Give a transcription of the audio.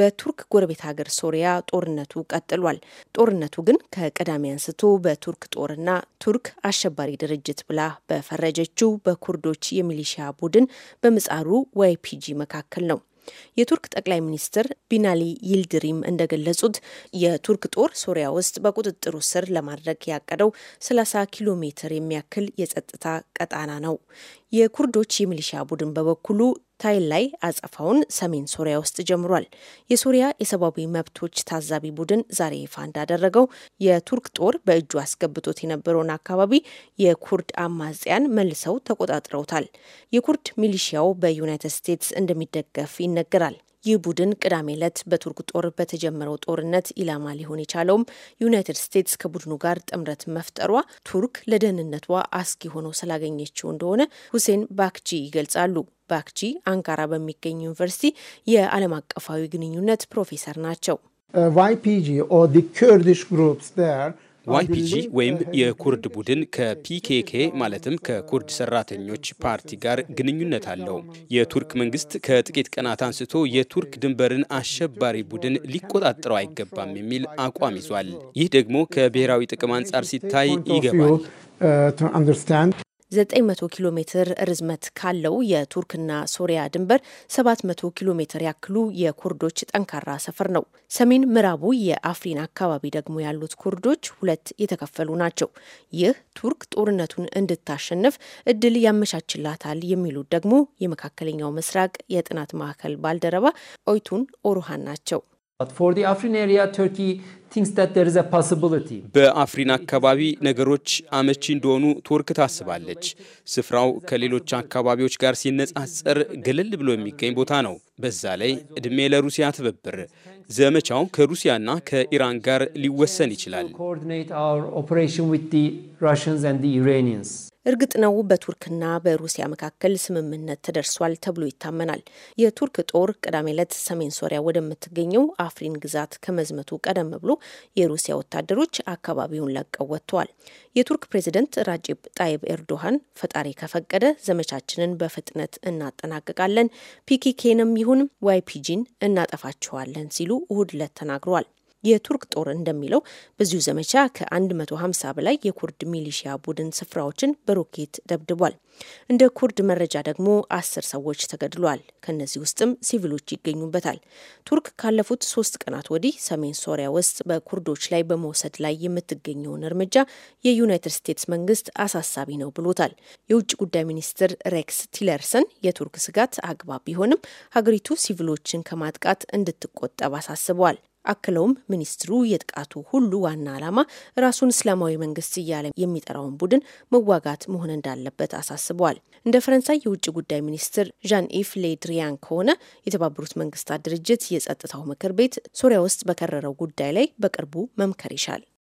በቱርክ ጎረቤት ሀገር ሶሪያ ጦርነቱ ቀጥሏል። ጦርነቱ ግን ከቅዳሜ አንስቶ በቱርክ ጦርና ቱርክ አሸባሪ ድርጅት ብላ በፈረጀችው በኩርዶች የሚሊሺያ ቡድን በምጻሩ ዋይፒጂ መካከል ነው። የቱርክ ጠቅላይ ሚኒስትር ቢናሊ ይልድሪም እንደገለጹት የቱርክ ጦር ሶሪያ ውስጥ በቁጥጥሩ ስር ለማድረግ ያቀደው 30 ኪሎ ሜትር የሚያክል የጸጥታ ቀጣና ነው። የኩርዶች የሚሊሻ ቡድን በበኩሉ ታይል ላይ አጸፋውን ሰሜን ሶሪያ ውስጥ ጀምሯል። የሶሪያ የሰብአዊ መብቶች ታዛቢ ቡድን ዛሬ ይፋ እንዳደረገው የቱርክ ጦር በእጁ አስገብቶት የነበረውን አካባቢ የኩርድ አማጽያን መልሰው ተቆጣጥረውታል። የኩርድ ሚሊሺያው በዩናይትድ ስቴትስ እንደሚደገፍ ይነገራል። ይህ ቡድን ቅዳሜ ዕለት በቱርክ ጦር በተጀመረው ጦርነት ኢላማ ሊሆን የቻለውም ዩናይትድ ስቴትስ ከቡድኑ ጋር ጥምረት መፍጠሯ ቱርክ ለደህንነቷ አስጊ ሆኖ ስላገኘችው እንደሆነ ሁሴን ባክጂ ይገልጻሉ። ባክጂ አንካራ በሚገኝ ዩኒቨርሲቲ የዓለም አቀፋዊ ግንኙነት ፕሮፌሰር ናቸው። uh, ዋይፒጂ ወይም የኩርድ ቡድን ከፒኬኬ ማለትም ከኩርድ ሰራተኞች ፓርቲ ጋር ግንኙነት አለው። የቱርክ መንግስት ከጥቂት ቀናት አንስቶ የቱርክ ድንበርን አሸባሪ ቡድን ሊቆጣጠረው አይገባም የሚል አቋም ይዟል። ይህ ደግሞ ከብሔራዊ ጥቅም አንጻር ሲታይ ይገባል። 900 ኪሎ ሜትር ርዝመት ካለው የቱርክና ሶሪያ ድንበር 700 ኪሎ ሜትር ያክሉ የኩርዶች ጠንካራ ሰፈር ነው። ሰሜን ምዕራቡ የአፍሪን አካባቢ ደግሞ ያሉት ኩርዶች ሁለት የተከፈሉ ናቸው። ይህ ቱርክ ጦርነቱን እንድታሸንፍ እድል ያመቻችላታል የሚሉት ደግሞ የመካከለኛው ምስራቅ የጥናት ማዕከል ባልደረባ ኦይቱን ኦሩሃን ናቸው። በአፍሪን አካባቢ ነገሮች አመቺ እንደሆኑ ቱርክ ታስባለች። ስፍራው ከሌሎች አካባቢዎች ጋር ሲነጻጸር ገለል ብሎ የሚገኝ ቦታ ነው። በዛ ላይ ዕድሜ ለሩሲያ ትብብር ዘመቻው ከሩሲያና ከኢራን ጋር ሊወሰን ይችላል። እርግጥ ነው በቱርክና በሩሲያ መካከል ስምምነት ተደርሷል ተብሎ ይታመናል። የቱርክ ጦር ቅዳሜ ዕለት ሰሜን ሶሪያ ወደምትገኘው አፍሪን ግዛት ከመዝመቱ ቀደም ብሎ የሩሲያ ወታደሮች አካባቢውን ለቀው ወጥተዋል። የቱርክ ፕሬዚደንት ራጂብ ጣይብ ኤርዶሃን ፈጣሪ ከፈቀደ ዘመቻችንን በፍጥነት እናጠናቅቃለን፣ ፒኪኬንም ይሁን ዋይፒጂን እናጠፋቸዋለን ሲሉ እሁድ ዕለት ተናግረዋል። የቱርክ ጦር እንደሚለው በዚሁ ዘመቻ ከ150 በላይ የኩርድ ሚሊሺያ ቡድን ስፍራዎችን በሮኬት ደብድቧል። እንደ ኩርድ መረጃ ደግሞ አስር ሰዎች ተገድለዋል። ከእነዚህ ውስጥም ሲቪሎች ይገኙበታል። ቱርክ ካለፉት ሶስት ቀናት ወዲህ ሰሜን ሶሪያ ውስጥ በኩርዶች ላይ በመውሰድ ላይ የምትገኘውን እርምጃ የዩናይትድ ስቴትስ መንግስት አሳሳቢ ነው ብሎታል። የውጭ ጉዳይ ሚኒስትር ሬክስ ቲለርሰን የቱርክ ስጋት አግባብ ቢሆንም ሀገሪቱ ሲቪሎችን ከማጥቃት እንድትቆጠብ አሳስበዋል። አክለውም ሚኒስትሩ የጥቃቱ ሁሉ ዋና ዓላማ ራሱን እስላማዊ መንግስት እያለ የሚጠራውን ቡድን መዋጋት መሆን እንዳለበት አሳስበዋል። እንደ ፈረንሳይ የውጭ ጉዳይ ሚኒስትር ዣን ኢፍ ሌድሪያን ከሆነ የተባበሩት መንግስታት ድርጅት የጸጥታው ምክር ቤት ሶሪያ ውስጥ በከረረው ጉዳይ ላይ በቅርቡ መምከር ይሻል።